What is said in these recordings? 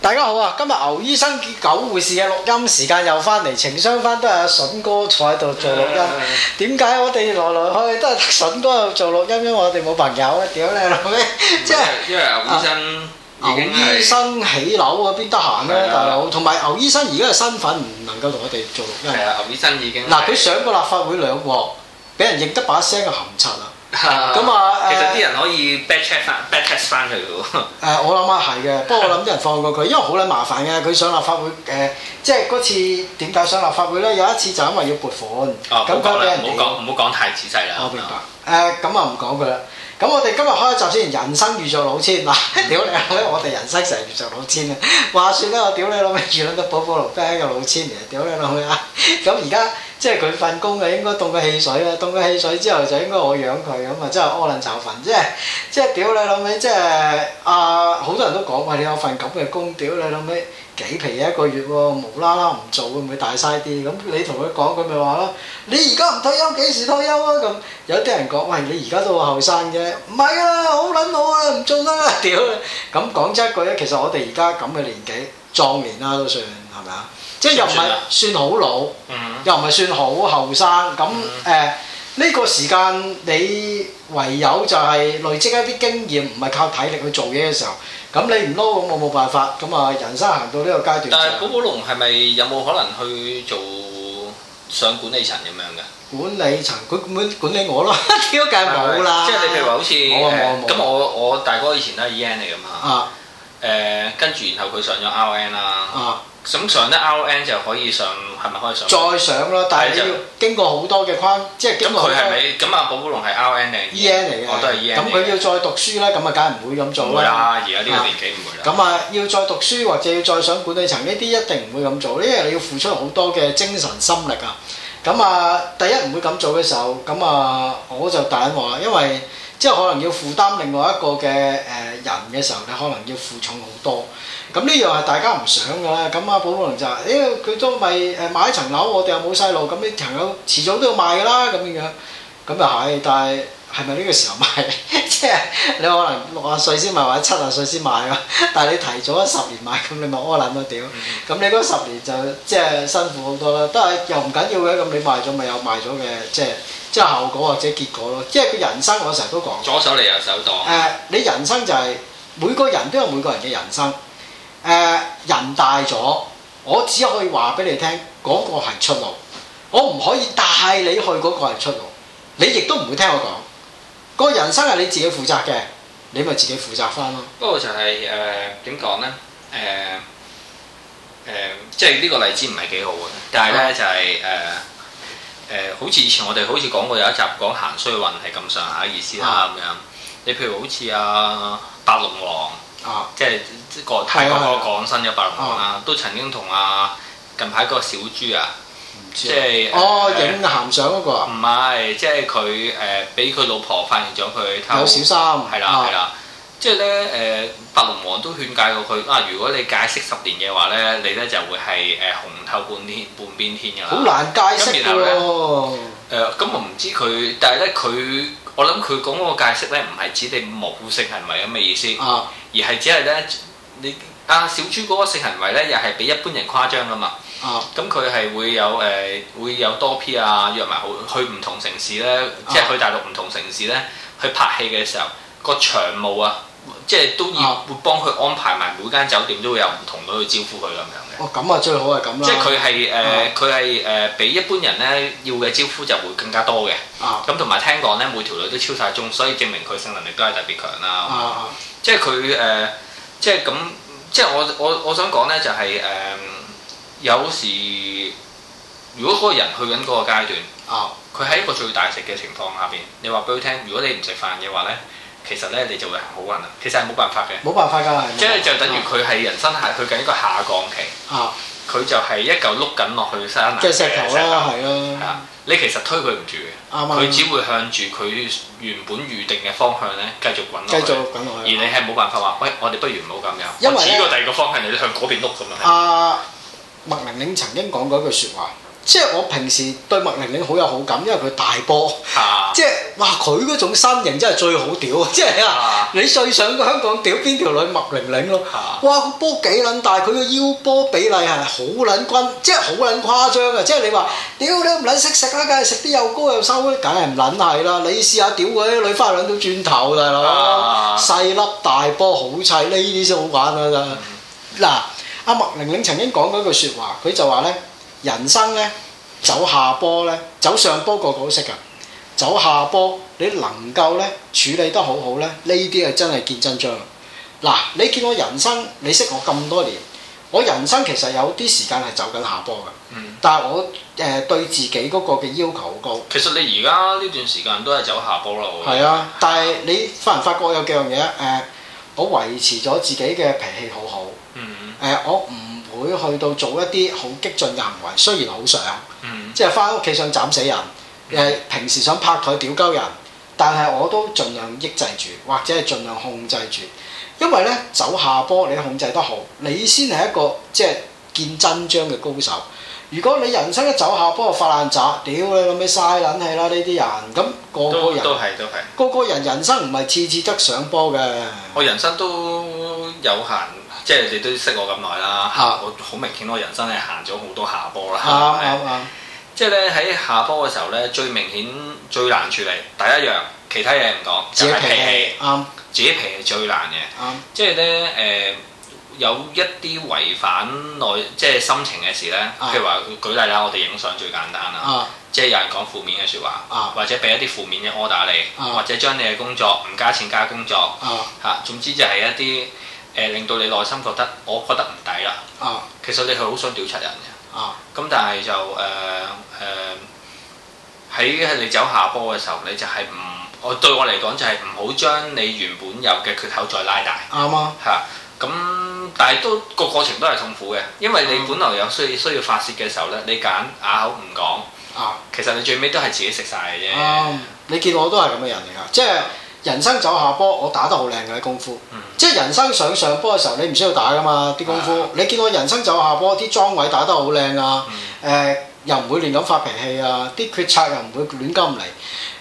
大家好啊！今日牛醫生、九護士嘅錄音時間又翻嚟，情商返都係阿筍哥坐喺度做錄音。點解的我哋來來去去都係筍哥喺度做錄音？因為我哋冇朋友啊？屌你老味？即係因為牛醫生，牛醫生起樓嗰邊得閒啦。的大佬，同埋牛醫生而家嘅身份唔能夠同我哋做錄音。係啊，牛醫生已經嗱，佢上過立法會兩鑊，俾人認得把聲嘅含塵啊。咁啊，其實啲人可以 backtrack 翻 backtrack 翻佢嘅喎。我諗下係嘅，不過我諗啲人放過佢，因為好撚麻煩嘅。佢上立法會誒，即係嗰次點解上立法會咧？有一次就因為要撥款。咁唔好唔好講，唔好講太仔細啦。我明白。誒，咁啊唔講佢啦。咁我哋今日開一集雖人生遇著老千，嗱，屌你啦，我哋人生成日遇著老千啊。話説咧，我屌你老咩住撚得波波碌碌嘅老千嘢，屌你老咩啊？咁而家。即係佢份工嘅，應該凍個汽水啦，凍個汽水之後就應該我養佢，咁啊真係惡鄰仇憤，即係即係屌你老味，即係啊好多人都講，喂，你有份咁嘅工，屌你老味幾皮嘢一個月喎，無啦啦唔做會唔會大曬啲？咁你同佢講，佢咪話咯，你而家唔退休幾時退休啊？咁有啲人講，喂，你而家都好後生嘅，唔係啊，好撚老啊，唔做啦，屌你！咁講真一句，其實我哋而家咁嘅年紀。壯年啦都算係咪啊？即係又唔係算好老，又唔係算好後生。咁誒呢個時間，你唯有就係累積一啲經驗，唔係靠體力去做嘢嘅時候。咁你唔撈，咁我冇辦法。咁啊，人生行到呢個階段。但係古寶龍係咪有冇可能去做上管理層咁樣嘅？管理層，佢管理我咯？點解冇啦？即係、就是、你譬如話好似我，咁我我大哥以前都係 e n 嚟㗎嘛。誒跟住然後佢上咗 R N 啦，咁上得 R N 就可以上，係咪可以上？再上咯，但係你要經過好多嘅框，即係咁佢係咪？咁阿寶寶龍係 R N 定 E N 嚟嘅？我都係 E N。咁佢要再讀書咧，咁啊梗係唔會咁做啦。而家呢個年紀唔會啦。咁啊要再讀書或者要再上管理層呢啲一定唔會咁做，因為你要付出好多嘅精神心力啊。咁啊第一唔會咁做嘅時候，咁啊我就我話，因為。即係可能要負擔另外一個嘅誒人嘅時候，你可能要負重好多。咁呢樣係大家唔想㗎啦。咁啊，普通就誒佢都咪誒買一層樓，我哋又冇細路，咁呢層樓遲早都要賣㗎啦。咁樣樣，咁又係，但係。係咪呢個時候買？即 係、就是、你可能六啊歲先買或者七啊歲先買咯。但係你提早咗十年買，咁你咪屙撚咯屌！咁、嗯、你嗰十年就即係、就是、辛苦好多啦。都係又唔緊要嘅，咁你買咗咪有買咗嘅即係即係效果或者結果咯。即係佢人生我成日都講左手嚟右手多。誒、呃，你人生就係、是、每個人都有每個人嘅人生。誒、呃，人大咗，我只可以話俾你聽，嗰、那個係出路。我唔可以帶你去嗰個係出路，你亦都唔會聽我講。個人生係你自己負責嘅，你咪自己負責翻咯。不過就係誒，點講咧？誒、呃、誒、呃呃，即係呢個例子唔係幾好嘅，但係咧、啊、就係誒誒，好似以前我哋好似講過有一集講行衰運係咁上下意思啦咁樣。啊、你譬如好似阿白龍王啊，王啊即係個嗰個講新嘅白龍王啦，啊、都曾經同阿近排個小豬啊。即係哦，影鹹相嗰個啊？唔係，即係佢誒俾佢老婆發現咗佢偷。有小三。係啦係啦，即係咧誒，白龍王都勸戒過佢啊！如果你戒色十年嘅話咧，你咧就會係誒、呃、紅透半天半邊天㗎啦。好難戒色喎。誒，咁我唔知佢，但係咧佢，我諗佢講嗰個戒色咧，唔係指你模糊性行為咁嘅意思，啊、而係只係咧你。啊，小朱嗰個性行為咧，又係比一般人誇張噶嘛。啊，咁佢係會有誒，會有多 P 啊，約埋好去唔同城市咧，即係去大陸唔同城市咧，去拍戲嘅時候，個場務啊，即係都要會幫佢安排埋每間酒店都會有唔同女去招呼佢咁樣嘅。哦，咁啊，最好係咁啦。即係佢係誒，佢係誒，比一般人咧要嘅招呼就會更加多嘅。啊，咁同埋聽講咧，每條女都超晒鐘，所以證明佢性能力都係特別強啦。即係佢誒，即係咁。即係我我我想講呢，就係，就係誒有時如果嗰個人去緊嗰個階段，佢喺、啊、一個最大食嘅情況下邊，你話俾佢聽，如果你唔食飯嘅話呢，其實呢，你就會行好運啦。其實係冇辦法嘅，冇辦法㗎喇，即係就等於佢係人生係佢嘅一個下降期，佢、啊、就係一嚿碌緊落去嘅山，即係石頭啦，係啦石頭。你其實推佢唔住嘅，佢、嗯、只會向住佢原本預定嘅方向咧繼續滾落去，去而你係冇辦法話，喂為，我哋不如唔好咁樣，因為我呢個第二個方向，你向嗰邊碌咁啊！阿是麥玲玲曾經講過一句説話。即係我平時對麥玲玲好有好感，因為佢大波，即係哇！佢嗰種身形真係最好屌，即係啊！你最想香港屌邊條女麥玲玲咯？哇！波幾撚大，佢個腰波比例係好撚均，即係好撚誇張啊！即係你話屌你唔撚識食啊？梗係食啲又高又瘦啲，梗係唔撚係啦！你試下屌嗰啲女花兩到轉頭大佬，細粒、啊、大波好砌，呢啲先好玩㗎啦！嗱，阿麥玲玲曾經講過一句説話，佢就話咧。人生咧走下坡咧，走上坡個個都識噶。走下坡你能夠咧處理得好好咧，呢啲係真係見真章。嗱，你見我人生，你識我咁多年，我人生其實有啲時間係走緊下坡噶。嗯。但係我誒、呃、對自己嗰個嘅要求好高。其實你而家呢段時間都係走下坡啦喎。係啊，但係你發唔發覺有幾樣嘢誒、呃？我維持咗自己嘅脾氣好好。嗯嗯。誒、嗯呃，我唔會去到做一啲好激進嘅行為，雖然好想，嗯、即係翻屋企想斬死人，誒、嗯、平時想拍台屌鳩人，但係我都盡量抑制住，或者係盡量控制住，因為呢，走下波你控制得好，你先係一個即係見真章嘅高手。如果你人生一走下波發爛渣，屌你諗起晒撚氣啦！呢啲人咁個個人，都，都，都個個人人生唔係次次得上波嘅。我人生都有限。即係你都識我咁耐啦，嚇！我好明顯，我人生係行咗好多下坡啦，啱啱啱。即係咧喺下坡嘅時候咧，最明顯、最難處理第一樣，其他嘢唔講，就係脾氣，啱。自己脾氣最難嘅，即係咧誒，有一啲違反內即係心情嘅事咧，譬如話舉例啦，我哋影相最簡單啦，即係有人講負面嘅説話，或者俾一啲負面嘅柯打你，或者將你嘅工作唔加錢加工作，嚇，總之就係一啲。誒、呃、令到你內心覺得，我覺得唔抵啦。啊，其實你係好想屌柒人嘅。啊，咁但係就誒誒，喺、呃呃、你走下坡嘅時候，你就係唔，我對我嚟講就係唔好將你原本有嘅缺口再拉大。啱啊。嚇、啊，咁但係都、這個過程都係痛苦嘅，因為你本來有需要、嗯、需要發泄嘅時候咧，你揀啞口唔講。啊，其實你最尾都係自己食晒嘅啫。你見我都係咁嘅人嚟㗎，即係。人生走下坡，我打得好靚嘅啲功夫，嗯、即係人生上上坡嘅時候，你唔需要打噶嘛啲功夫。啊、你見我人生走下坡，啲裝位打得好靚啊，誒、嗯呃、又唔會亂咁發脾氣啊，啲決策又唔會亂咁嚟、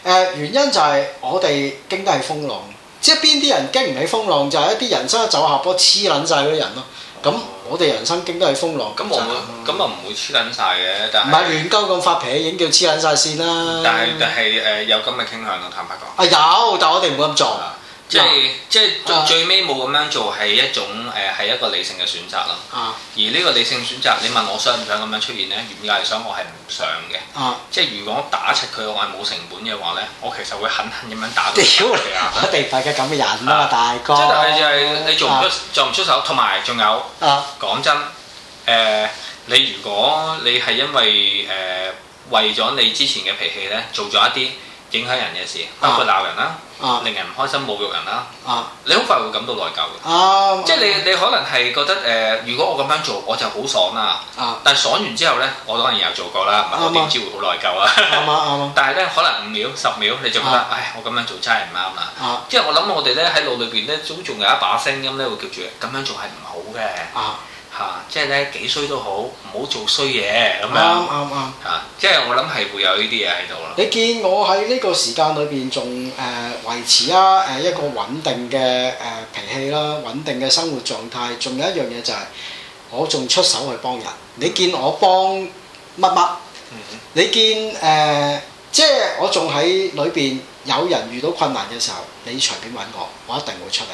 呃。原因就係我哋經得起風浪，即係邊啲人經唔起風浪，就係、是、一啲人生走下坡黐撚晒嗰啲人咯。咁我哋人生經都係風浪，咁我咁啊唔會黐撚晒嘅，但係唔係亂鳩咁發脾氣已經叫黐撚晒線啦。但係但係誒有咁嘅傾向咯，坦白講。啊有，但係我哋唔會咁做。即係即係最最尾冇咁樣做係一種誒係、呃、一個理性嘅選擇咯。啊、而呢個理性選擇，你問我想唔想咁樣出現咧？點解想，我想？我係唔想嘅。即係如果打柒佢嘅話冇成本嘅話呢，我其實會狠狠咁、啊、實樣打。屌我地唔係咁嘅人啊大哥。即係就係你做唔出、啊、做唔出手，同埋仲有講、啊、真誒、呃，你如果你係因為誒、呃、為咗你之前嘅脾氣呢，做咗一啲。影響人嘅事，包括鬧人啦，令人唔開心，侮辱人啦，你好快會感到內疚嘅，即係你你可能係覺得誒，如果我咁樣做，我就好爽啦，但係爽完之後呢，我當然又做過啦，我點知會好內疚啊？但係呢，可能五秒十秒你就覺得，唉，我咁樣做真係唔啱啦，即係我諗我哋呢喺腦裏邊呢，都仲有一把聲音呢會叫住，咁樣做係唔好嘅。嚇、啊，即係咧幾衰都好，唔好做衰嘢咁樣。啱啱啱嚇，即係我諗係會有呢啲嘢喺度啦。你見我喺呢個時間裏邊仲誒維持啊誒、呃、一個穩定嘅誒、呃、脾氣啦，穩定嘅生活狀態。仲有一樣嘢就係、是、我仲出手去幫人。你見我幫乜乜？嗯、你見誒、呃，即係我仲喺裏邊有人遇到困難嘅時候，你隨便搵我，我一定會出嚟。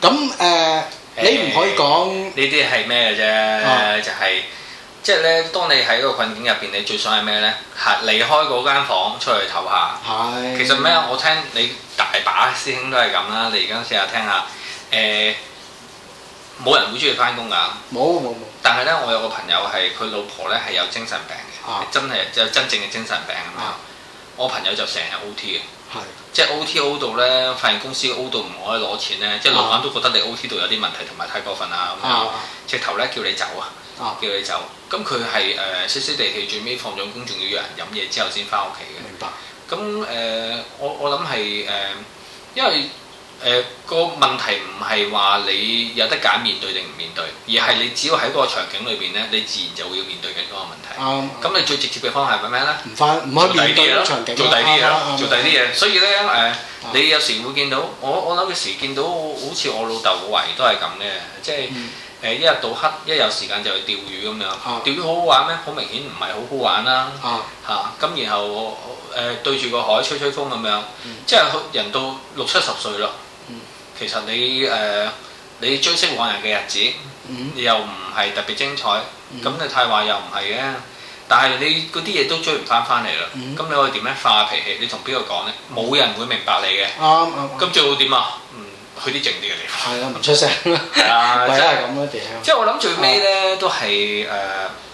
咁誒、嗯。你唔可以講呢啲係咩嘅啫？呃啊、就係、係、即係呢，當你喺個困境入邊，你最想係咩呢？嚇！離開嗰間房出去唞下。係、哎。其實咩啊？我聽你大把師兄都係咁啦。你而家試下聽下。誒、呃，冇人會中意翻工噶。冇冇冇。但係呢，我有個朋友係佢老婆呢係有精神病嘅，啊、真係有真正嘅精神病啊。我朋友就成日 OT 嘅，的即係 OTO 度咧，發現公司嘅 O 度唔可以攞錢咧，啊、即係老闆都覺得你 OT 度有啲問題，同埋太過分啊，咁直頭咧叫你走啊，叫你走，咁佢係誒，死死地氣最尾放咗工，仲要約人飲嘢之後先翻屋企嘅。明白。咁誒、呃，我我諗係誒，因為。誒個問題唔係話你有得揀面對定唔面對，而係你只要喺嗰個場景裏邊咧，你自然就會要面對緊嗰個問題。咁你最直接嘅方法係咩咧？唔翻唔可以面對嘅場景，做第二啲嘢，做第二啲嘢。所以咧誒，你有時會見到我，我諗嘅時見到好似我老豆個位都係咁嘅，即係誒一日到黑，一有時間就去釣魚咁樣。釣魚好好玩咩？好明顯唔係好好玩啦。嚇咁然後誒對住個海吹吹風咁樣，即係人到六七十歲咯。其實你誒，你追憶往日嘅日子，又唔係特別精彩，咁你太壞又唔係嘅，但係你嗰啲嘢都追唔翻翻嚟啦，咁你可以點咧化脾氣？你同邊個講咧？冇人會明白你嘅，啱啱。咁最好點啊？去啲靜啲嘅地方。係啊，唔出聲啊，都係咁嘅地，即係我諗最尾咧，都係誒。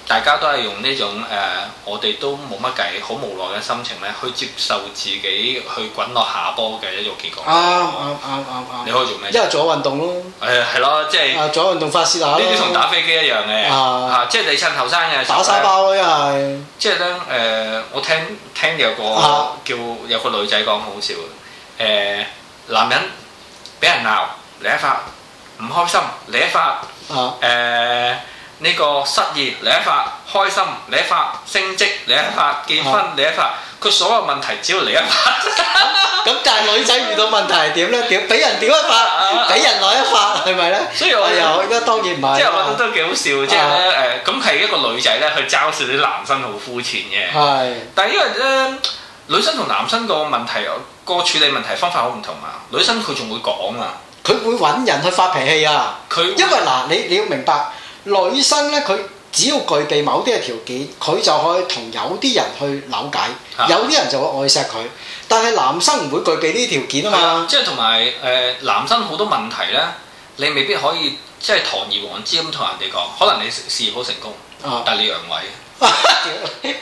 大家都係用呢種誒、呃，我哋都冇乜計，好無奈嘅心情咧，去接受自己去滾落下坡嘅一種結果。啊啊啊！啊啊啊你可以做咩？一係做運動咯。誒係咯，即係、就是啊、做運動發泄下呢啲同打飛機一樣嘅。啊，啊，即係你趁後生嘅。打沙包咯，一係。即係咧，誒、呃，我聽聽有個叫有個女仔講好笑嘅、呃，男人俾人鬧，你一發唔開心，你一發誒。啊啊呢個失業你一發，開心你一發，升職你一發，結婚你一發，佢所有問題只要你一發。咁但係女仔遇到問題係點呢？點俾人點一發？俾人攞一發係咪呢？所以我又，而家當然唔係。即係我覺得都幾好笑，即係呢，誒，咁係一個女仔呢，去嘲笑啲男生好膚淺嘅。係。但係因為呢，女生同男生個問題個處理問題方法好唔同啊。女生佢仲會講啊，佢會揾人去發脾氣啊。佢因為嗱，你你要明白。女生咧，佢只要具備某啲嘅條件，佢就可以同有啲人去扭計，啊、有啲人就會愛錫佢。但係男生唔會具備呢啲條件啊嘛。啊即係同埋誒，男生好多問題咧，你未必可以即係堂而皇之咁同人哋講，可能你事業好成功，啊、但係你陽痿。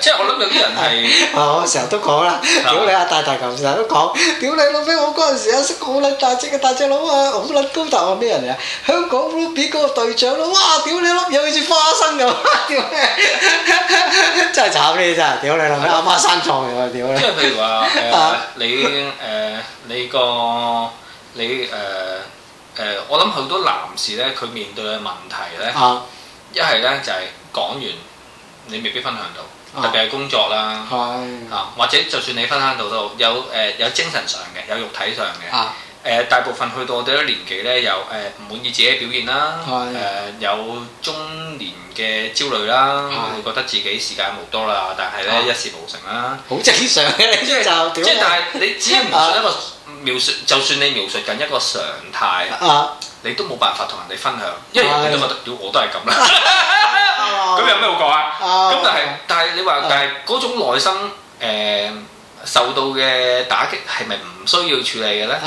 即係我諗有啲人係，我成日都講啦，屌你啊大大成日都講，屌你老咩！我嗰陣時啊，識好撚大隻嘅大隻佬啊，好撚高大，我咩人嚟啊？香港 Ruby 嗰個隊長咯，哇！屌你粒嘢好似花生咁，屌你！真係慘嘅真係，屌你老咩？阿花生菜喎屌你！即係譬如話誒，你誒你個你誒誒，我諗好多男士咧，佢面對嘅問題咧，一係咧就係講完你未必分享到。特別係工作啦，嚇或者就算你分享到都，有誒有精神上嘅，有肉體上嘅，誒大部分去到我哋啲年紀咧，又誒唔滿意自己嘅表現啦，誒有中年嘅焦慮啦，會覺得自己時間冇多啦，但係咧一事無成啦，好正常嘅，即係即係但係你只聽唔上一個描述，就算你描述緊一個常態，你都冇辦法同人哋分享，因為你都覺得，如我都係咁啦。咁有咩好講啊？咁但係，但係你話，但係嗰種內心誒受到嘅打擊係咪唔需要處理嘅咧？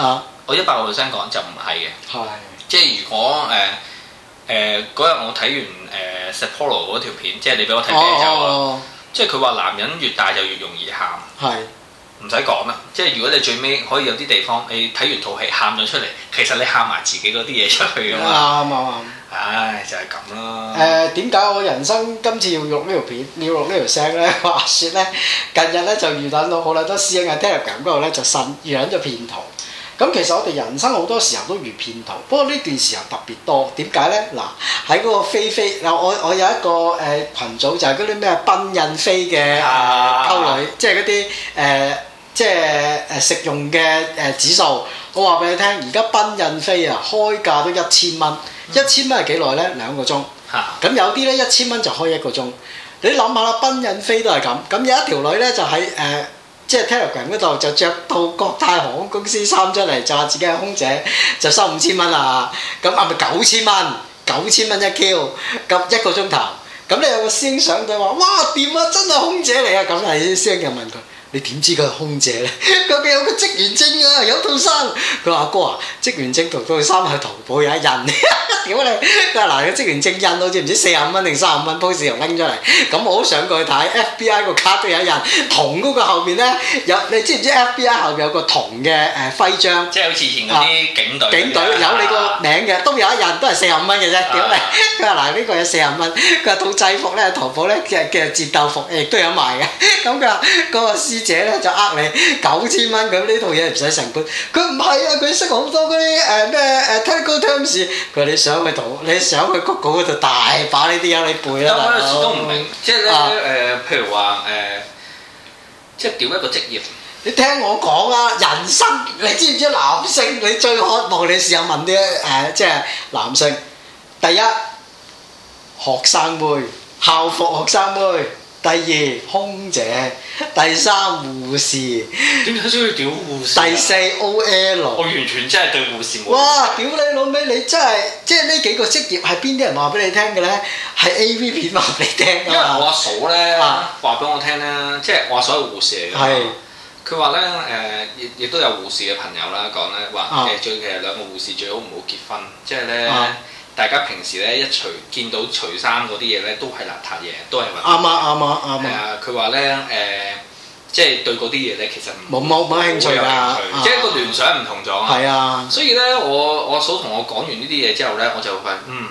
我一百個 percent 講就唔係嘅。係，即係如果誒誒嗰日我睇完誒 Sapolo 嗰條片，即係你俾我睇嘅就即係佢話男人越大就越容易喊。係，唔使講啦。即係如果你最尾可以有啲地方，你睇完套戲喊咗出嚟，其實你喊埋自己嗰啲嘢出去咁嘛。啱啱。唉、哎，就係咁咯。誒、呃，點解我人生今次要錄呢條片，要錄呢條聲咧？話説咧，近日咧就遇到好啦，都試下入 telegram 嗰度咧，就信養咗騙徒。咁其實我哋人生好多時候都遇騙徒，不過呢段時候特別多。點解咧？嗱，喺嗰個飛飛嗱，我我有一個誒羣組，就係嗰啲咩賓印飛嘅溝女，即係嗰啲誒即係誒食用嘅誒指數。我話俾你聽，而家賓印飛啊，開價都一千蚊。一千蚊係幾耐呢？兩個鐘。咁有啲呢，一千蚊就開一個鐘。你諗下啦，賓韌飛都係咁。咁有一條女呢，就喺誒、呃，即係 Telegram 嗰度就着套國泰航空公司衫出嚟，就話自己係空姐，就收五千蚊啦。咁係咪九千蚊？九千蚊一 Q，咁一個鐘頭。咁你有個師兄上對話，哇！點啊？真係空姐嚟啊！咁係啲師兄就問佢。你點知佢係空姐呢？佢入邊有個職員證啊，有套衫。佢話：阿哥啊，職員證同套衫喺淘寶有一印。屌 你！佢話：嗱，個職員證印好似唔知四廿五蚊定三十五蚊，鋪市又拎出嚟。咁我好想過去睇，FBI 個卡都有一印。銅嗰個後邊咧，有你知唔知 FBI 後面有個銅嘅誒徽章？即係好似以前嗰啲警隊。啊、警隊有你個名嘅，啊、都有一印，都係四廿五蚊嘅啫。屌你、啊！佢話：嗱，呢、呢個有四廿五蚊。佢話：套制服呢，淘寶呢，其實其實戰鬥服亦都有賣嘅。咁佢話嗰姐咧就呃你九千蚊，咁呢套嘢唔使成本。佢唔係啊，佢識好多嗰啲誒咩誒 technical terms。佢、呃 uh, 你想去同，你想去谷歌嗰度大把呢啲啊。你背啦。我始終唔明，即係咧誒，譬如話誒、呃，即係調一個職業，你聽我講啊！人生你知唔知男性？你最渴望你試下問啲誒、呃，即係男性。第一，學生妹，校服學生妹。第二空姐，第三護士，點解中意屌護士？第四 O L，我完全真係對護士冇興趣。哇！屌你老味，你真係即係呢幾個職業係邊啲人話俾你聽嘅咧？係 A V 片話俾你聽。因為哇我阿嫂咧話俾我聽咧，即係我阿嫂係護士嚟嘅。係是。佢話咧誒，亦、呃、亦都有護士嘅朋友啦，講咧話誒，啊啊、最其實兩個護士最好唔好結婚，即係咧。啊啊大家平時咧一除見到除衫嗰啲嘢咧，都係邋遢嘢，都係話。啱啊啱啱啊！係啊，佢話咧誒，即係對嗰啲嘢咧，其實冇冇冇興趣啊！即係個聯想唔同咗啊！係啊，所以咧，我我嫂同我講完呢啲嘢之後咧，我就話嗯，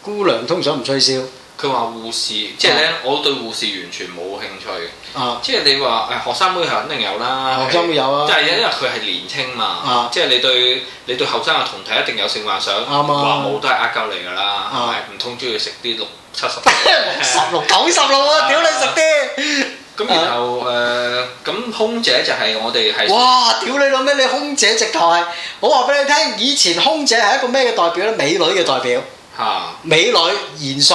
姑娘通常唔吹簫。佢話護士即係咧，我對護士完全冇興趣。啊！即係你話誒、哎、學生妹肯定有啦，學生妹有啊。即係因為佢係年青嘛。啊、即係你對你對後生嘅同體一定有性幻想。啱啊！話冇都係呃鳩你㗎啦。唔通中意食啲六七十六？十六、啊、九十六啊，屌你食啲！咁、啊啊、然後誒，咁、呃、空姐就係我哋係哇！屌你老咩！你空姐直頭係，我話俾你聽，以前空姐係一個咩嘅代表咧？美女嘅代表嚇，美女賢淑。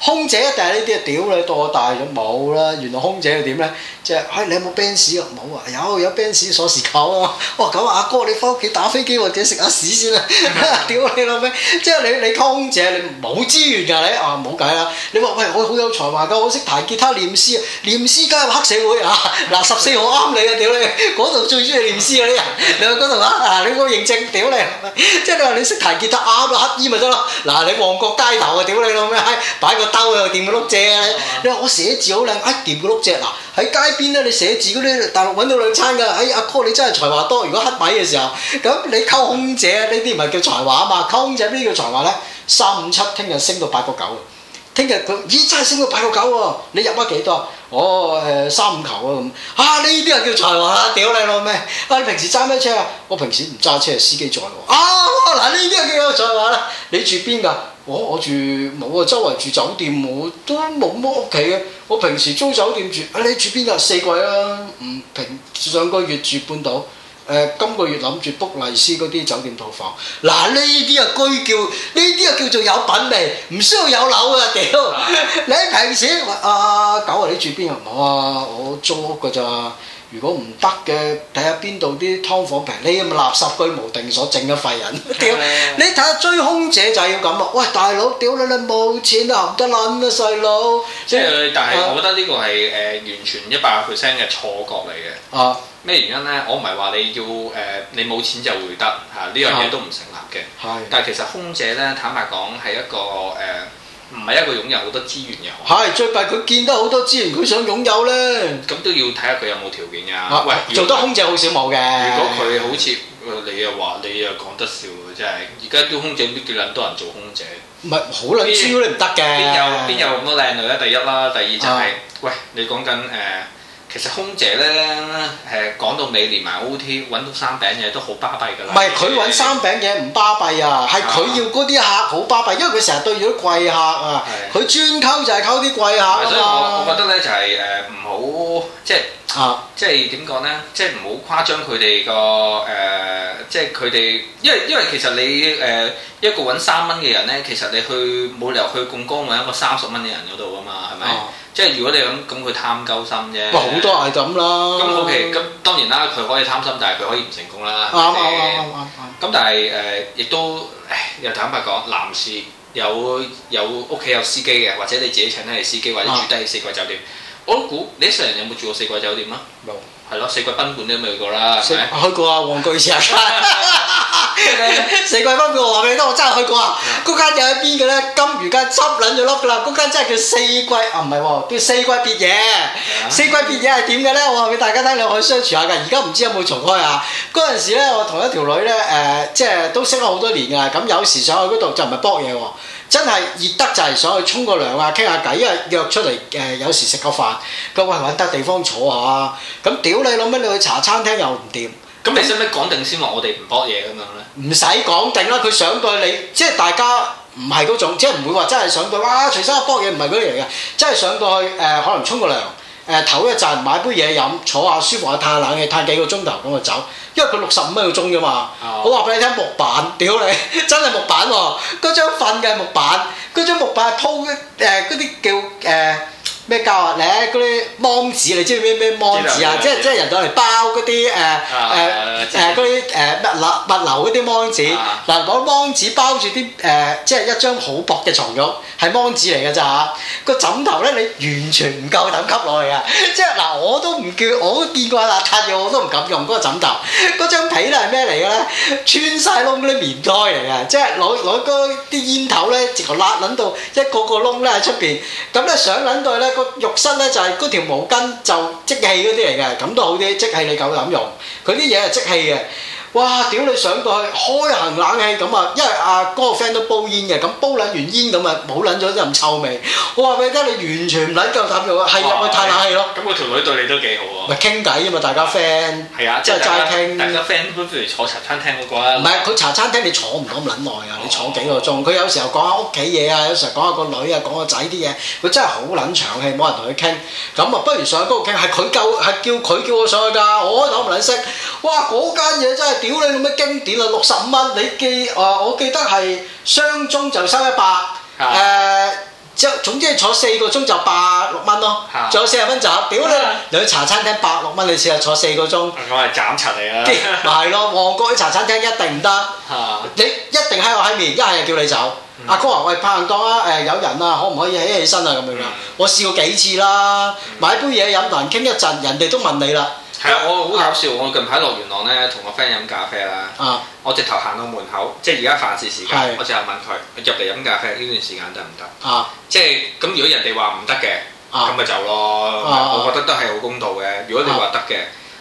空姐一定係呢啲屌你！到我大咗冇啦。原來空姐又點呢？即係，你有冇 Benz 啊？冇啊。有有 Benz 鎖匙扣啊。哇，咁阿哥，你翻屋企打飛機或者食下屎先啦。屌你老味！即係你你空姐你冇資源㗎你，啊冇計啦。你話喂我好有才華㗎，我識彈吉他、練詩、練詩加入黑社會啊。嗱十四號啱你啊！屌你，嗰度最中意練詩嗰啲人。你去嗰度啦。啊，你個認證屌你。即係你話你識彈吉他啱啦，乞衣咪得咯。嗱你旺角街頭啊，屌你老味，擺個。兜又掂嘅碌啊！你話我寫字好靚，哎、一掂嘅碌蔗。嗱、啊、喺街邊咧，你寫字嗰啲大陸揾到兩餐㗎。阿、哎啊、哥你真係才華多，如果黑米嘅時候，咁你溝空姐呢啲唔係叫才華啊嘛？溝空姐邊叫才華呢？三五七，聽日升，升到八個九啊！聽日佢咦真係升到八個九喎！你入咗幾多？哦、呃、三五球啊咁。啊呢啲又叫才華啊！屌你老咩？啊你平時揸咩車啊？我平時唔揸車，係司機載喎。啊嗱呢啲又叫有才華啦！你住邊㗎？我、哦、我住冇啊，周圍住酒店，我都冇乜屋企嘅。我平時租酒店住，啊你住邊啊？四季啊？唔、嗯、平上個月住半島，誒、呃、今個月諗住卜 o o 麗思嗰啲酒店套房。嗱呢啲啊居叫呢啲啊叫做有品味，唔需要有樓啊屌！ 你平時啊九啊，你住邊啊？我我租屋㗎咋？如果唔得嘅，睇下邊度啲劏房平？你係垃圾居無定所，正嘅廢人？屌 你睇下追空姐就係要咁啊！ 喂大佬，屌你你冇錢啊，唔得撚啊，細佬。即係但係，我覺得呢個係誒完全一百 percent 嘅錯覺嚟嘅。啊咩原因呢？我唔係話你要誒、呃，你冇錢就會得嚇呢、啊、樣嘢都唔成立嘅。係、啊、但係其實空姐呢，坦白講係一個誒。呃唔係一個擁有好多資源嘅，係最弊佢見得好多資源，佢想擁有呢，咁都要睇下佢有冇條件呀、啊啊。喂，做得空姐好少冇嘅。如果佢好似你又話你又講得笑，真係而家啲空姐都叫咁多人做空姐。唔係好靚女，你唔得嘅。邊有邊有咁多靚女咧？第一啦，第二就係、是啊、喂，你講緊誒。呃其實空姐咧，誒講到尾連埋 O T，揾到三餅嘢都好巴閉㗎啦。唔係佢揾三餅嘢唔巴閉啊，係佢要嗰啲客好巴閉，因為佢成日對住啲貴客啊，佢專溝就係溝啲貴客啦。所以我我覺得咧就係誒唔好即係。即係點講呢？即係唔好誇張佢哋個誒，即係佢哋，因為因為其實你誒一個揾三蚊嘅人呢，其實你去冇理由去咁高揾一個三十蚊嘅人嗰度啊嘛，係咪？即係如果你咁咁，佢貪鳩心啫。哇！好多係咁啦。咁 OK，咁當然啦，佢可以貪心，但係佢可以唔成功啦。咁但係誒，亦都又坦白講，男士有有屋企有司機嘅，或者你自己請得起司機，或者住低四季酒店。我估，你成日有冇住過四季酒店啊？冇有。係咯，四季賓館你都未去過啦，係咪？我去過啊，王巨石啊。 四季賓館我話俾你聽，我真係去過啊。嗰 間又喺邊嘅咧？金魚街，執撚咗笠㗎啦，嗰間真係叫四季啊，唔係喎，叫四季別嘢。啊、四季別嘢係點嘅咧？我話俾大家聽，你可以相處下㗎。而家唔知有冇重開啊？嗰陣時咧，我同一條女咧，誒、呃，即係都識咗好多年㗎啦。咁有時上去嗰度就唔係博嘢喎。真係熱得滯，想去沖個涼啊，傾下偈，因為約出嚟誒、呃，有時食個飯，咁喂揾得地方坐下。咁屌你，老乜你去茶餐廳又唔掂？咁那你使唔使講定先話我哋唔搏嘢咁樣呢？唔使講定啦，佢上到去，你，即係大家唔係嗰種，即係唔會話真係上到去哇，隨身搏嘢唔係嗰啲嚟嘅，真係上到去誒、呃，可能沖個涼。誒、唞一陣，買杯嘢飲，坐下舒服下，嘆下冷氣，嘆幾個鐘頭咁就走。因為佢六十五蚊一個鐘啫嘛。Oh. 我話畀你聽，木板屌你，真係木板喎、哦。嗰張瞓嘅木板，嗰張木板係鋪誒嗰啲叫誒。呃咩膠啊？你嗰啲芒紙，你知唔知咩芒紙樣、呃、啊？即係即係人攞嚟包嗰啲誒誒誒啲誒物物流嗰啲芒紙。嗱、啊，嗰、啊、芒紙包住啲誒，即係一張好薄嘅床褥，係芒紙嚟㗎咋。個枕頭咧，你完全唔夠膽吸落去啊！即係嗱、啊，我都唔叫，我都見過邋遢嘅，我都唔敢用嗰個枕頭。嗰張被咧係咩嚟嘅咧？穿晒窿嗰啲棉胎嚟嘅。即係攞攞嗰啲煙頭咧，直頭焫捻到一個一個窿咧喺出邊。咁咧想捻到咧～呢呢呢個浴室呢就係、是、嗰條毛巾就即氣嗰啲嚟嘅，咁都好啲，即氣你夠膽用，佢啲嘢係即氣嘅。哇！屌你上過去開行冷氣咁啊，因為阿哥、啊個 friend 都煲煙嘅，咁煲撚完煙咁啊，冇撚咗啲咁臭味。我話俾你聽，你完全唔撚夠膽？係入哇去嘆冷氣咯。咁、嗯、我條女對你都幾好啊。咪傾偈啊嘛，大家 friend。係、嗯、啊，即係齋傾。大家 friend 不如坐茶餐廳嗰個啦。唔係，佢茶餐廳你坐唔到咁撚耐啊，哦、你坐幾個鐘。佢有時候講下屋企嘢啊，有時候講下個女啊，講個仔啲嘢，佢真係好撚長氣，冇人同佢傾。咁啊，不如上去度傾，係佢叫，係叫佢叫，叫我上去㗎。我諗唔撚識。哇！嗰間嘢真係～屌你老味經典啊！六十五蚊，你記哦，我記得係雙鐘就收一百，誒，即係總之坐四個鐘就百六蚊咯，仲有四十蚊就屌你，你去茶餐廳百六蚊，你試下坐四個鐘。我係斬柒你啊！咪係咯，旺角去茶餐廳一定唔得，你一定喺我喺面，一係就叫你走。阿哥話：喂，拍緊檔啊！誒，有人啊，可唔可以起起身啊？咁樣，我試過幾次啦，買杯嘢飲，同人傾一陣，人哋都問你啦。係啊， 我好搞笑，我近排落元朗咧，同個 friend 飲咖啡啦。啊、我直頭行到門口，即係而家飯市時間，是我淨係問佢入嚟飲咖啡呢段時間得唔得？啊、即係咁，如果人哋話唔得嘅，咁咪、啊、走咯。啊、我覺得都係好公道嘅。如果你話得嘅。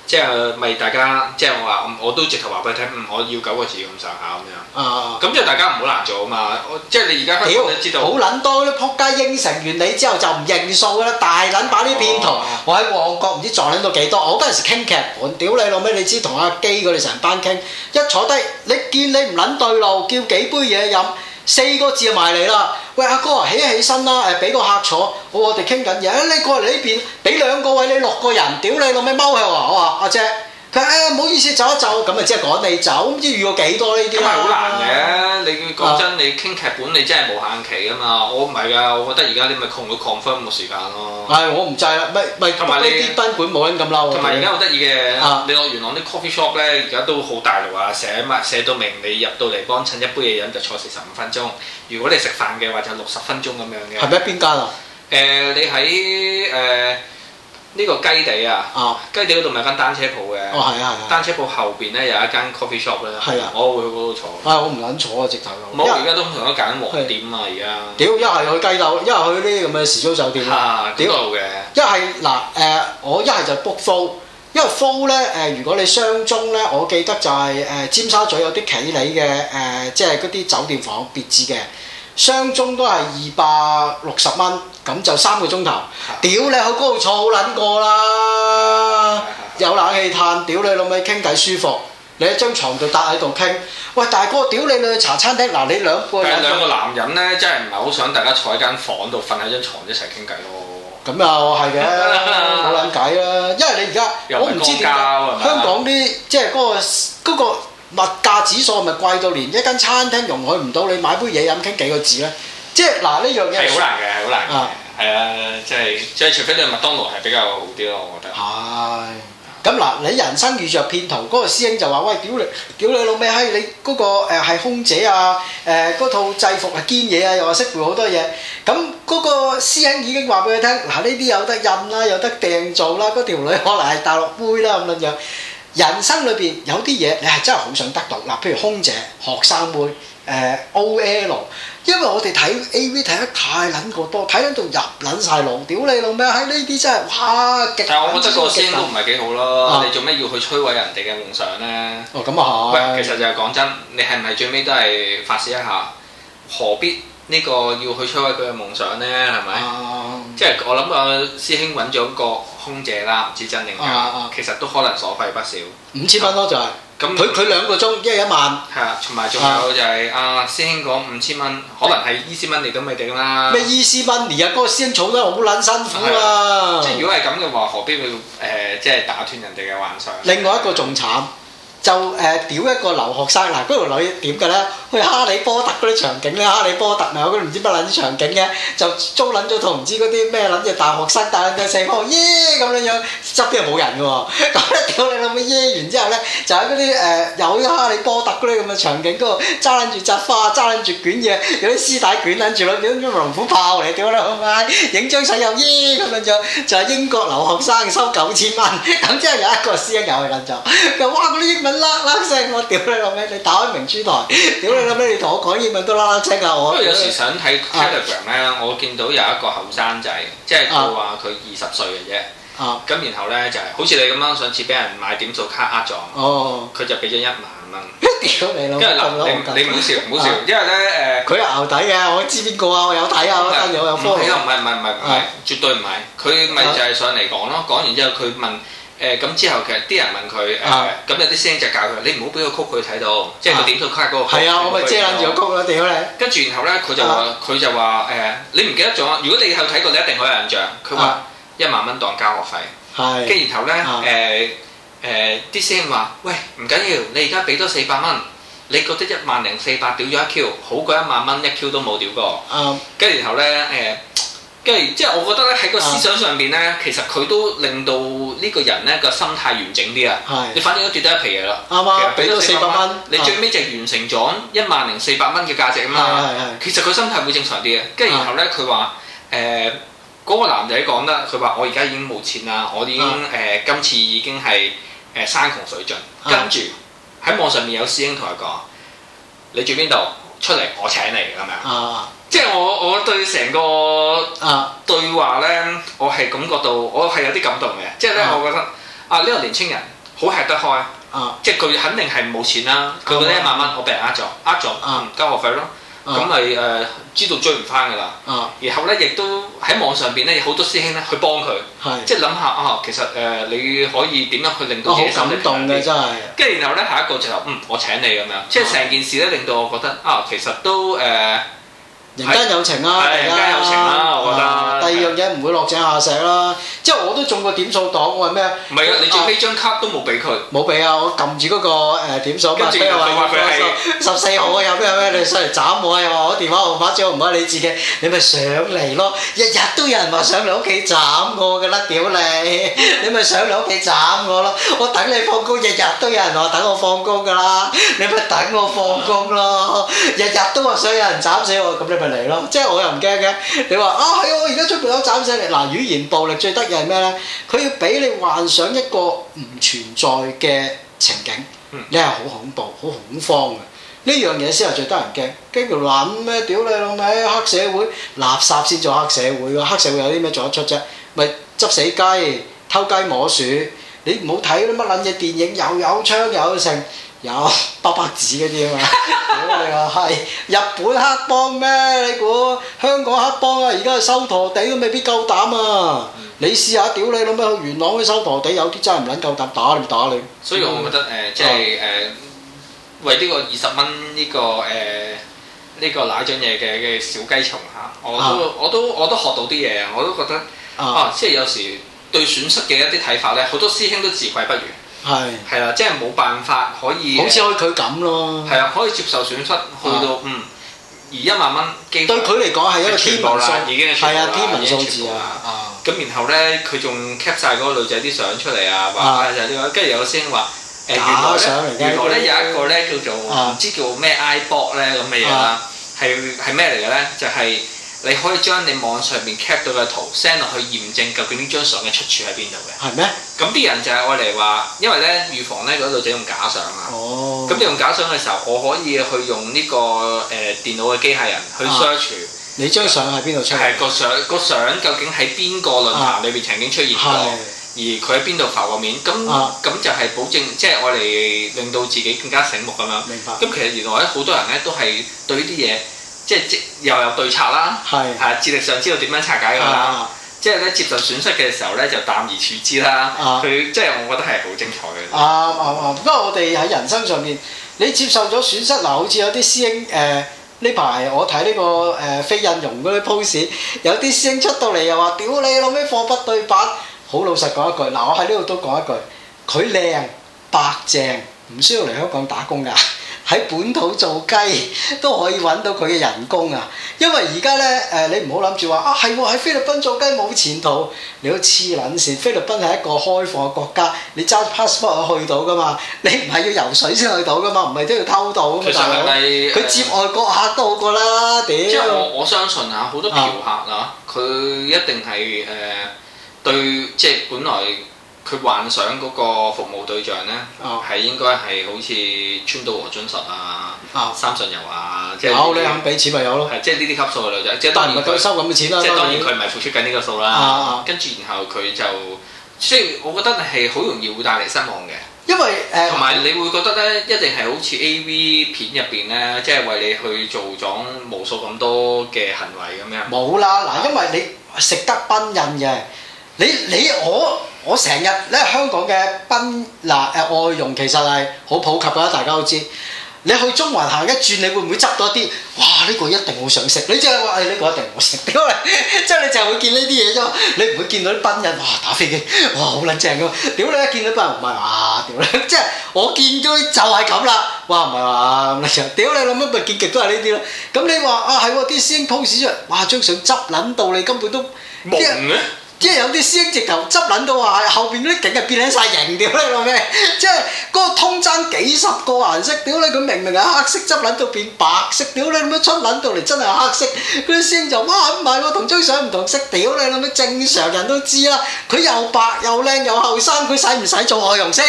即係咪大家即係我話，我都直頭話俾你聽，嗯，我要九個字咁上下咁樣。啊咁、嗯、即係大家唔好難做啊嘛。哎、我即係你而家香港都知道，哎、我好撚多嗰啲撲街應承完你之後就唔認數㗎啦，大撚把啲騙徒。哦、我喺旺角唔知撞撚到幾多。我好多時傾劇本，屌、哦、你老尾，你知同阿基嗰啲成班傾，一坐低你見你唔撚對路，叫幾杯嘢飲。四個字就埋嚟啦！喂，阿哥起起身啦！誒，俾個客坐，我我哋傾緊嘢。你過嚟呢邊，俾兩個位你六個人，屌你老味踎喺度，好唔好？阿姐。誒唔、哎、好意思，走一走咁啊，即係趕你走，唔知遇過幾多呢啲啦。都好難嘅，你講真、啊你，你傾劇本你真係無限期噶嘛。我唔係噶，我覺得而家你咪控到 confirm 個時間咯。係、哎，我唔制啦，同埋呢啲賓館冇人咁嬲。同埋而家好得意嘅，啊、你落元朗啲 coffee shop 咧，而家都好大路啊，寫乜寫到明，你入到嚟幫襯一杯嘢飲就坐四十五分鐘。如果你食飯嘅話就六十分鐘咁樣嘅。係咩邊間啊？誒、呃，你喺誒。呃呢個雞地啊，啊雞地嗰度咪有間單車鋪嘅，哦，啊，啊單車鋪後邊咧有一間 coffee shop 咧，啊、我會去嗰度坐。啊，我唔撚坐為啊，直頭我而家都通常都揀黃點啊，而家。屌，一係去雞樓，一係去呢啲咁嘅時租酒店，啊，屌嘅。一係嗱誒，我一係就 book full 房，因為房咧誒，如果你相中咧，我記得就係誒尖沙咀有啲企理嘅誒，即係嗰啲酒店房別緻嘅。相中都係二百六十蚊，咁就三個鐘頭。屌你，去嗰度坐好撚過啦，有冷氣嘆，屌你老味傾偈舒服，你喺張床度搭喺度傾。喂大哥，屌你你茶餐廳嗱，啊，你兩個人。但係兩個男人咧，真係唔係好想大家坐喺間房度瞓喺張床一齊傾偈咯。咁又係嘅，冇撚計啦，因為你而家我唔知點啊。香港啲即係嗰個嗰個。嗰個物價指數係咪貴到連一間餐廳容許唔到你買杯嘢飲傾幾個字咧？即係嗱呢樣嘢係好難嘅，係好難嘅，係啊，啊，即係即係除非你去麥當勞係比較好啲咯，我覺得係。咁嗱、哎啊，你人生遇着騙徒，嗰、那個師兄就話喂，屌你，屌你老味閪，你嗰、那個誒係空姐啊，誒、呃、嗰套制服係堅嘢啊，又話識背好多嘢。咁嗰個師兄已經話俾佢聽，嗱呢啲有得印啦，有得訂做啦，嗰、那、條、個、女可能係大陸妹啦咁樣。人生裏邊有啲嘢你係真係好想得到嗱，譬如空姐、學生妹、呃、O L，因為我哋睇 A V 睇得太撚過多，睇到入撚晒狼屌你老咩！喺呢啲真係哇極端極端極端。但係我覺得個先都唔係幾好咯，啊、你做咩要去摧毀人哋嘅夢想呢？哦，咁啊嚇！嗯、喂，其實就係講真，你係咪最尾都係發洩一下？何必？呢個要去摧毀佢嘅夢想呢，係咪？即係我諗啊，師兄揾咗個空姐啦，唔知真定假，其實都可能所費不少。五千蚊咯，就係。咁佢佢兩個鐘，一日一萬。係啊，同埋仲有就係阿師兄講五千蚊，可能係 easy money 都未定啦。咩 easy money 啊？嗰個師兄儲得好撚辛苦啊！即係如果係咁嘅話，何必去？誒即係打斷人哋嘅幻想？另外一個仲慘。就誒屌、呃、一個留學生，嗱嗰條女點㗎咧？去哈利波特嗰啲場景咧，哈利波特咪唔知乜撚啲場景嘅，就租撚咗套唔知嗰啲咩撚嘢大學生大戴對四方耶咁樣樣，側邊又冇人㗎喎，咁咧屌你老母耶！完之後咧，就喺嗰啲誒又哈利波特嗰啲咁嘅場景嗰個揸撚住摘花、揸撚住卷嘢，有啲絲帶捲撚住攞住龍虎豹嚟屌你老母，影、嗯、張相又耶咁樣樣，就係、是、英國留學生收九千蚊，咁、嗯嗯、之後有一個師兄又去撚咗。又、呃、哇啲英文。拉拉聲，我屌你老閪！你打開明珠台，屌你老閪！你同我講嘢咪都拉拉聲啊！我因為有時想睇 Telegram 咧，我見到有一個後生仔，即係佢話佢二十歲嘅啫。咁然後咧就係好似你咁啦，上次俾人買點數卡呃咗。哦，佢就俾咗一萬蚊。屌你老，因為你唔好笑唔好笑，因為咧誒，佢係牛底嘅，我知邊個啊？我有睇啊，我有，唔係唔係唔係唔係，絕對唔係。佢咪就係上嚟講咯，講完之後佢問。誒咁之後其實啲人問佢誒，咁有啲聲就教佢，你唔好俾個曲佢睇到，即係佢點到卡嗰個係啊，我咪遮住個曲咯，屌你！跟住然後咧，佢就佢就話誒，你唔記得咗？如果你以後睇過，你一定好有印象。佢話一萬蚊當交學費，係。跟住然後咧誒誒，啲聲話喂，唔緊要，你而家俾多四百蚊，你覺得一萬零四百屌咗一 Q，好過一萬蚊一 Q 都冇屌過。跟住然後咧誒。即係我覺得咧，喺個思想上邊咧，其實佢都令到呢個人咧個心態完整啲啊！你反正都跌得一皮嘢啦，啱啊，俾咗四百蚊，你最尾就完成咗一萬零四百蚊嘅價值啊嘛！其實佢心態會正常啲嘅。跟住然後咧，佢話誒嗰個男仔講得，佢話我而家已經冇錢啦，我已經誒今次已經係誒山窮水盡。跟住喺網上面有師兄同佢講：你住邊度？出嚟，我請你咁樣。即係我，我對成個對話咧，我係感覺到，我係有啲感動嘅。即係咧，我覺得啊，呢個年青人好吃得開，即係佢肯定係冇錢啦。佢嗰啲一萬蚊，我俾人呃咗，呃咗交學費咯。咁咪誒知道追唔翻㗎啦。然後咧，亦都喺網上邊咧，有好多師兄咧去幫佢，即係諗下啊，其實誒你可以點樣去令到自己感動嘅，真係。跟住然後咧，下一個就嗯我請你咁樣，即係成件事咧令到我覺得啊，其實都誒。人間有情啊，人間有情啦，我覺得。第二樣嘢唔會落井下石啦。即係我都中過點數黨，我係咩啊？唔係啊，你最尾張卡都冇俾佢，冇俾啊！我撳住嗰個誒點數嘛，十四號啊！有咩有咩？你上嚟斬我啊！又話我電話號碼隻號唔係你自己，你咪上嚟咯。日日都有人話上嚟屋企斬我㗎啦，屌你！你咪上嚟屋企斬我咯！我等你放工，日日都有人話等我放工㗎啦，你咪等我放工咯。日日都話想有人斬死我，咁你咪～嚟咯，即係我又唔驚嘅。你話啊，係啊，我而家出門口斬死你。嗱，語言暴力最得意係咩呢？佢要俾你幻想一個唔存在嘅情景，你係好恐怖、好恐慌嘅。呢樣嘢先係最得人驚。跟住諗咩？屌你老味，黑社會垃圾先做黑社會喎。黑社會有啲咩做得出啫？咪執死雞、偷雞摸鼠。你唔好睇啲乜撚嘢電影，又有槍又有剩。有八百字嗰啲啊！嘛？你話係日本黑幫咩？你估香港黑幫啊？而家收陀地都未必夠膽啊！嗯、你試下，屌你，攞咩去元朗去收陀地有啲真係唔撚夠膽打你，打你！所以我、嗯、我覺得誒、呃，即係誒，為、呃、呢、這個二十蚊呢個誒呢、呃這個奶樽嘢嘅嘅小雞蟲嚇，我都、啊、我都，我都，我，都我都學到啲嘢，我都覺得啊，啊，即係有時對損失嘅一啲睇法咧，好多師兄都自愧不如。係係啦，即係冇辦法可以。好似佢咁咯。係啊，可以接受損失去到嗯。而一萬蚊基對佢嚟講係一個天文數已經係天文數字啊！咁然後咧，佢仲 cap 曬嗰個女仔啲相出嚟啊，話就呢跟住有聲話誒原來咧，原來咧有一個咧叫做唔知叫咩 iPod 咧咁嘅嘢啦，係係咩嚟嘅咧？就係。你可以將你網上面 cap 到嘅圖 send 落去驗證究竟呢張相嘅出處喺邊度嘅。係咩嗎？咁啲人就係我嚟話，因為咧預防咧嗰度就用假相啊。哦。咁你用假相嘅時候，我可以去用呢、這個誒、呃、電腦嘅機械人去 search、啊。尋你張相喺邊度出現？係、那個相，個相究竟喺邊個論壇裏邊曾經出現過？啊、而佢喺邊度浮過面？咁咁、啊、就係保證，即係我哋令到自己更加醒目咁樣。明白。咁其實原來咧，好多人咧都係對呢啲嘢。即係即又有對策啦，係啊是，智力上知道點樣拆解佢啦。啊、即係咧接受損失嘅時候咧，就淡而處之啦。佢即係我覺得係好精彩嘅、啊。啊，啊不過我哋喺人生上面，你接受咗損失嗱，好似有啲師兄誒呢排我睇呢、這個誒非、呃、印容嗰啲 post 有啲師兄出到嚟又話：屌、啊、你老味貨不對版，好老實講一句，嗱我喺呢度都講一句，佢靚白淨，唔需要嚟香港打工㗎。喺本土做雞都可以揾到佢嘅人工啊！因為而家呢，誒、呃，你唔好諗住話啊，係喎喺菲律賓做雞冇前途，你都黐撚線。菲律賓係一個開放嘅國家，你揸 passport 去到㗎嘛，你唔係要游水先去到㗎嘛，唔係都要偷渡。佢帶佢接外國客都好過啦，屌、呃！即係我我相信啊，好多嫖客啊，佢、啊、一定係誒、呃、對，即係本來。佢幻想嗰個服務對象咧，係、哦、應該係好似川島和津實啊、哦、三信由啊，即、就、係、是哦、你肯俾錢咪有咯，即係呢啲級數嘅女仔。即、就、係、是、當然佢收咁嘅錢啦、啊，即係當然佢唔係付出緊呢個數啦。啊啊、跟住然後佢就，雖然、嗯、我覺得係好容易會帶嚟失望嘅，因為誒，同、呃、埋你會覺得咧，一定係好似 A V 片入邊咧，即、就、係、是、為你去做咗無數咁多嘅行為咁樣。冇啦，嗱，因為你食得賓印嘅，你你，你，你我。我成日咧，香港嘅賓嗱誒外傭其實係好普及噶，大家都知。你去中環行一轉，你會唔會執到一啲？哇！呢個一定我想食，你即係話誒呢個一定我食。屌 你，即係你就會見呢啲嘢啫，你唔會見到啲賓人哇打飛機，哇好撚正噶，屌你一見到賓人唔係啊屌你，即係 什麼 我見到就係咁啦。哇唔係話咁靚，屌 什麼 你諗乜咪見極都係呢啲咯。咁你話啊，係喎，啲師兄 pose 出嚟，哇張相執撚到你根本都蒙咧。即係有啲師兄直頭執撚到話係後邊嗰啲景係變晒形屌咧，老味。即係嗰個通針幾十個顏色，屌咧佢明明係黑色執撚到變白色，屌咧咁樣出撚到嚟真係黑色，嗰啲師兄就哇唔係喎？同張相唔同色，屌咧咁樣正常人都知啦，佢又白又靚又後生，佢使唔使做外傭先？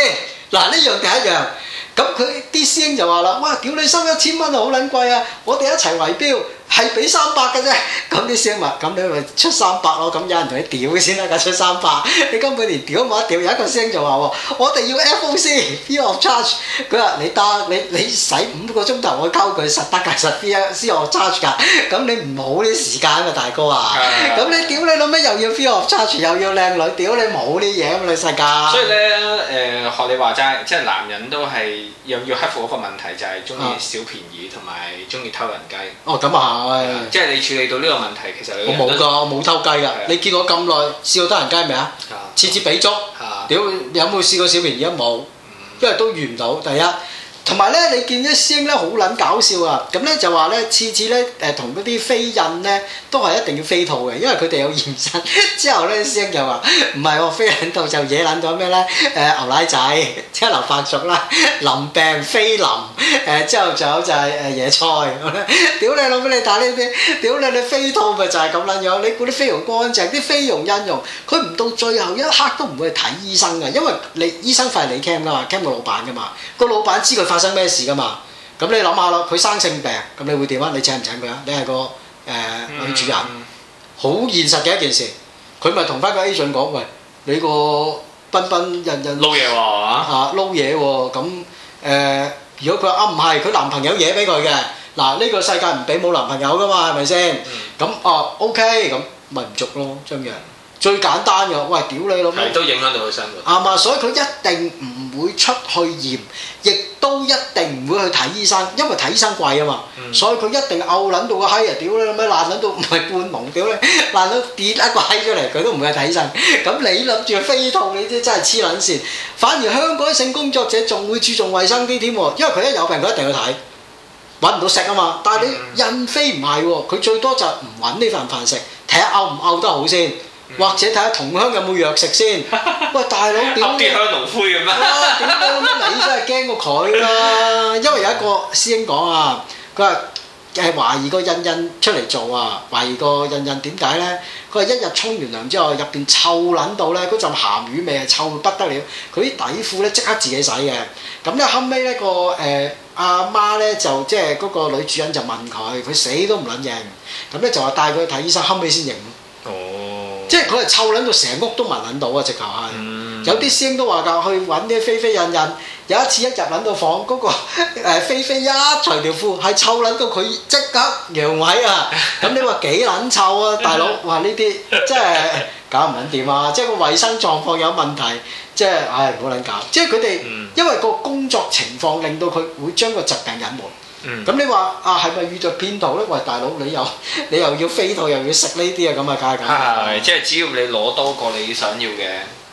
嗱呢樣第一樣，咁佢啲師兄就話啦，哇屌你收一千蚊好撚貴啊，我哋一齊圍標。係俾三百嘅啫，咁啲聲物，咁你咪出三百咯，咁有人同你屌先啦，架出三百，你根本連屌都冇得屌，有一個聲就話喎，我哋要 FOC，Free of Charge，佢話你得，你你使五個鐘頭我溝佢實得㗎，實 Free of Charge 㗎。咁你唔好啲時間啊，大哥啊，咁的你屌的你諗咩又要 Free of Charge 又要靚女屌你冇啲嘢咁你世界。所以咧誒學你話齋，即係男人都係又要克服一個問題，就係中意小便宜同埋中意偷人雞。哦咁啊。嗯哦哦哎、即係你處理到呢個問題，其實你我冇㗎，我冇偷雞㗎。是的 你見我咁耐試過得人雞未啊？次次俾足，屌、啊、有冇試過小便宜？冇，因為都遇唔到。第一。同埋咧，你見啲師兄咧好撚搞笑啊！咁咧就話咧，次次咧誒同嗰啲飛印咧都係一定要飛兔嘅，因為佢哋有驗身。之後咧，師兄又話：唔係喎，飛印到就惹撚咗咩咧？誒、呃、牛奶仔、即係流白濁啦，淋病飛臨誒。之後仲有就係誒野菜，屌你老，俾 你打呢啲，屌你打你飛兔咪就係咁撚樣。你估啲飛傭乾淨？啲飛傭印傭，佢唔到最後一刻都唔會去睇醫生㗎，因為你醫生費係你 claim 啦，claim 個老闆㗎嘛，個老闆知佢發生咩事噶嘛？咁你諗下咯，佢生性病，咁你會點啊？你請唔請佢啊？你係個誒女、呃嗯、主人，好現實嘅一件事。佢咪同翻個 A 君講：喂，你個彬彬日日撈嘢喎撈嘢喎。咁誒、啊哦呃，如果佢話啊唔係，佢男朋友嘢俾佢嘅。嗱呢、這個世界唔俾冇男朋友噶嘛，係咪先？咁、嗯、啊 OK，咁咪唔續咯，張揚最簡單嘅。喂，屌你老母！係都影響到佢生活。啱啊，所以佢一定唔會出去驗，亦。都一定唔會去睇醫生，因為睇醫生貴啊嘛，嗯、所以佢一定嘔撚到個閪啊！屌你咁樣爛撚到唔係半盲屌你爛到跌一個閪出嚟，佢都唔會去睇醫生。咁、 嗯、 你諗住飛痛，你真真係黐撚線。反而香港性工作者仲會注重衞生啲添，因為佢一有病佢一定去睇，揾唔到食啊嘛。但係你印菲唔係喎，佢最多就唔揾呢份飯食，睇下嘔唔嘔得好先。或者睇下同鄉有冇藥食先。 喂，大佬點？吸啲香爐灰咁啊？點解你真係驚過佢啦？因為有一個師兄講啊，佢話係懷疑個印印出嚟做啊，懷疑個印印點解呢？佢話一日沖完涼之後，入邊臭撚到呢，嗰陣鹹魚味係臭到不得了。佢啲底褲呢，即刻自己洗嘅。咁呢、那個，後尾呢個誒阿媽呢，就即係嗰個女主人就問佢，佢死都唔撚認。咁呢，就話帶佢去睇醫生，後尾先認。即係佢係臭撚到成屋都聞撚到啊！直頭係，嗯、有啲師兄都話噶，去揾啲菲菲印印。有一次一日揾到房，嗰、誒菲菲飛一除條褲，係臭撚到佢即刻陽痿啊！咁你話幾撚臭啊， 大佬？話呢啲即係搞唔撚掂啊！即係個衞生狀況有問題，即係唉唔好撚搞。即係佢哋因為個工作情況令到佢會將個疾病隱瞞。嗯，咁你話啊係咪遇著騙徒咧？喂，大佬，你又你又要飛度又要食呢啲啊？咁啊，梗係梗係，即係只要你攞多過你想要嘅，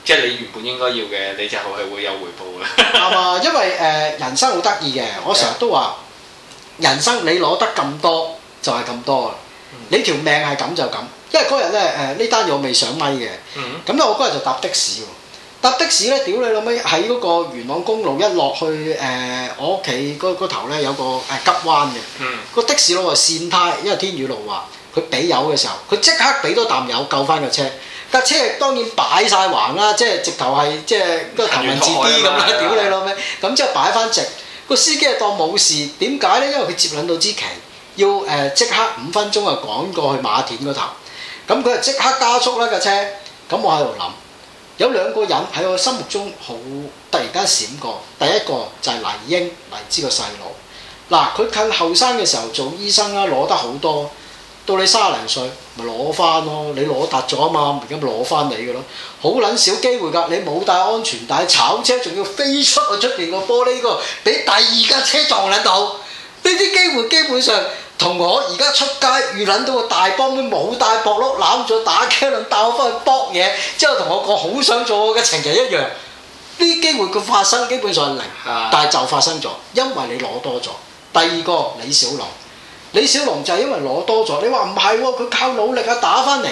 即係你原本應該要嘅，你就後係會有回報嘅。係 嘛，因為誒、呃、人生好得意嘅，我成日都話 Yeah. 人生你攞得咁多就係、是、咁多啦，嗯、你條命係咁就咁。因為嗰日咧誒呢單嘢、呃、我未上咪嘅，咁咧、嗯、我嗰日就搭的士喎。搭的士咧，屌你老味！喺嗰個元朗公路一落去，誒、呃、我屋企嗰頭咧有個誒急彎嘅。嗯、個的士佬啊跣胎，因為天雨路滑。佢俾油嘅時候，佢即刻俾多啖油救翻個車。架車當然擺晒橫啦，即係直頭係即係個頭文字 D 咁啦，屌你老味。咁即係擺翻直，個司機係當冇事。點解咧？因為佢接撚到支旗，要誒即、呃、刻五分鐘啊趕過去馬田嗰頭。咁佢就即刻加速啦架、那個、車。咁我喺度諗。有兩個人喺我心目中好突然間閃過，第一個就係黎英黎姿個細佬。嗱，佢近後生嘅時候做醫生啦、啊，攞得好多。到你三十零歲咪攞翻咯，你攞突咗啊嘛，咪咁攞翻你嘅咯。好撚少機會㗎，你冇帶安全帶，炒車仲要飛出去出邊個玻璃個，俾第二架車撞撚到。呢啲機會基本上。同我而家出街遇撚到個大幫妹，冇帶鑊碌，攬住打茄輪帶我翻去搏嘢，之後同我講好想做我嘅情人一樣，呢機會嘅發生基本上係零，但係就發生咗，因為你攞多咗。第二個李小龍，李小龍就係因為攞多咗，你話唔係喎，佢靠努力啊打翻嚟，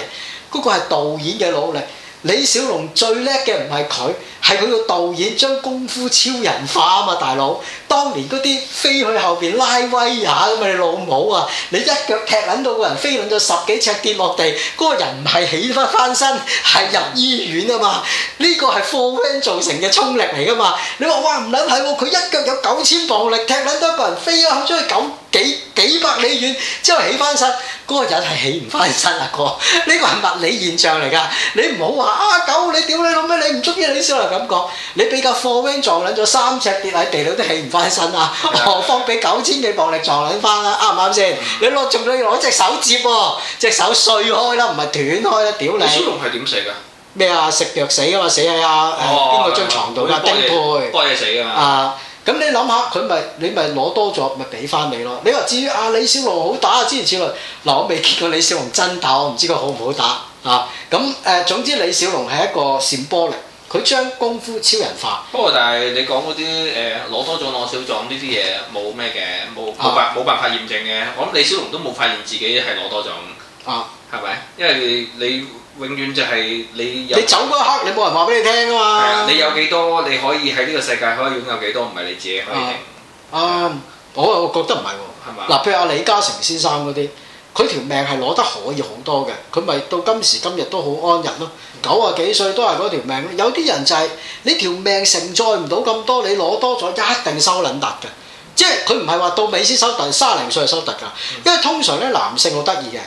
嗰個係導演嘅努力。李小龍最叻嘅唔係佢，係佢個導演將功夫超人化嘛！大佬，當年嗰啲飛去後面拉威下咁啊，你老母啊！你一腳踢撚到個人飛撚咗十幾尺跌落地，嗰、那個人唔係起翻翻身，係入醫院啊嘛！呢、這個係科 v 造成嘅衝力嚟噶嘛？你話哇唔撚係喎，佢、哦、一腳有九千磅力，踢撚到一個人飛啊，出去九。幾幾百里遠，之後起翻身，嗰個係起唔翻身啊！哥，哥，呢個係物理現象嚟㗎。你唔好話啊狗，你屌你老咩？你唔中意你小人咁講。你俾架貨 van 撞撚咗三尺跌喺地度都起唔翻身啊，何況俾九千幾磅力撞撚翻啊？啱唔啱先？你攞仲要攞隻手接喎，隻手碎開啦，唔係斷開啦，屌你！小龍係點死啊？咩啊？食藥死啊嘛，死喺啊邊個張床度的啊？丁佩！丁佩死㗎嘛啊！咁你諗下，佢咪你咪攞多咗，咪俾翻你咯？你話至於阿、啊、李小龍好打啊之前，之類，嗱我未見過李小龍真打，我唔知佢好唔好打啊。咁、啊、誒總之李小龍係一個閃波嚟，佢將功夫超人化。不過但係你講嗰啲誒攞多咗攞少咗呢啲嘢冇咩嘅，冇冇辦冇辦法驗證嘅。我諗李小龍都冇發現自己係攞多咗，啊係咪？因為你你。你永遠就係你，你走嗰一刻你冇人話俾你聽啊嘛！你有幾多你可以喺呢個世界可以擁有幾多，唔係你自己決定，啊。啊，我又覺得唔係喎。係咪？嗱，譬如阿李嘉誠先生嗰啲，佢條命係攞得可以好多嘅，佢咪到今時今日都好安逸咯。九啊幾歲都係嗰條命。有啲人就係，你條命承載唔到咁多，你攞多咗一定收撚達嘅。即係佢唔係話到尾先收達，但係三啊零歲收達㗎。因為通常咧男性好得意嘅。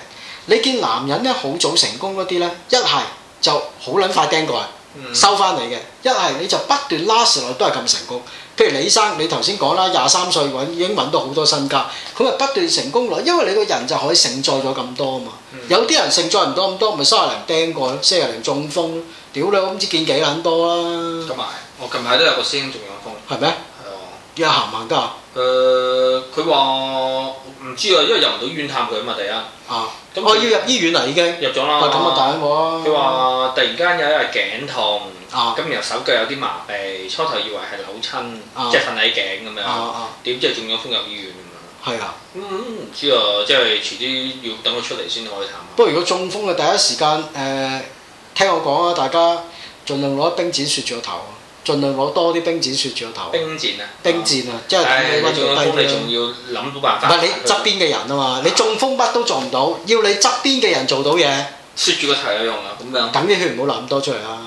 你見男人咧好早成功嗰啲咧，一係就好撚快釘蓋，嗯、收翻嚟嘅；一係你就不斷拉住落都係咁成功。譬如李生，你頭先講啦，廿三歲揾已經揾到好多身家，佢咪不斷成功率，因為你個人就可以承載咗咁多啊嘛。嗯、有啲人承載唔到咁多，咪三十零釘蓋，四十零中風，屌你、啊，我唔知見幾撚多啦。咁埋，我近排都有個師兄中咗風，係咩嗎？係啊、嗯，而家行唔行得啊？誒、呃，佢話。唔知啊，因為入唔到醫院探佢啊嘛，第一。啊，咁我要入醫院啦，已經。入咗啦。咁啊大啊！佢話突然間有一日頸痛，咁然後手腳有啲麻痹，初頭以為係扭親，即係瞓喺頸咁樣。哦哦。點知中咗風入醫院咁啊。係啊。嗯，唔知啊，即係遲啲要等佢出嚟先可以探。不過如果中風啊，第一時間誒聽我講啊，大家盡量攞一冰剪雪住個頭。盡量攞多啲冰箭雪住個頭。冰箭啊！冰箭尖啊！即係等你溫度低，你仲要諗到辦法？唔係你側邊嘅人啊嘛，你中風筆、啊、都做唔到，要你側邊嘅人做到嘢。雪住個頭有用啊？咁樣。等啲血唔好流咁多出嚟啊！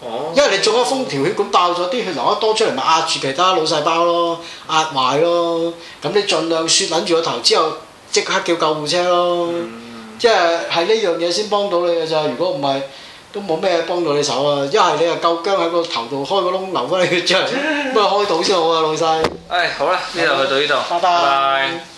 哦。因為你中咗風，條血管爆咗，啲血流得多出嚟咪壓住其他腦細胞咯，壓壞咯，咯。咁你儘量雪攆住個頭之後，即刻叫救護車咯。嗯、即係係呢樣嘢先幫到你嘅咋，如果唔係。都冇咩幫到你手啊！一係你啊，夠薑喺個頭度開個窿，流翻你血出嚟，不過 開到先好啊，老細。唉、哎，好啦，呢度去到呢度，吧拜拜。Bye.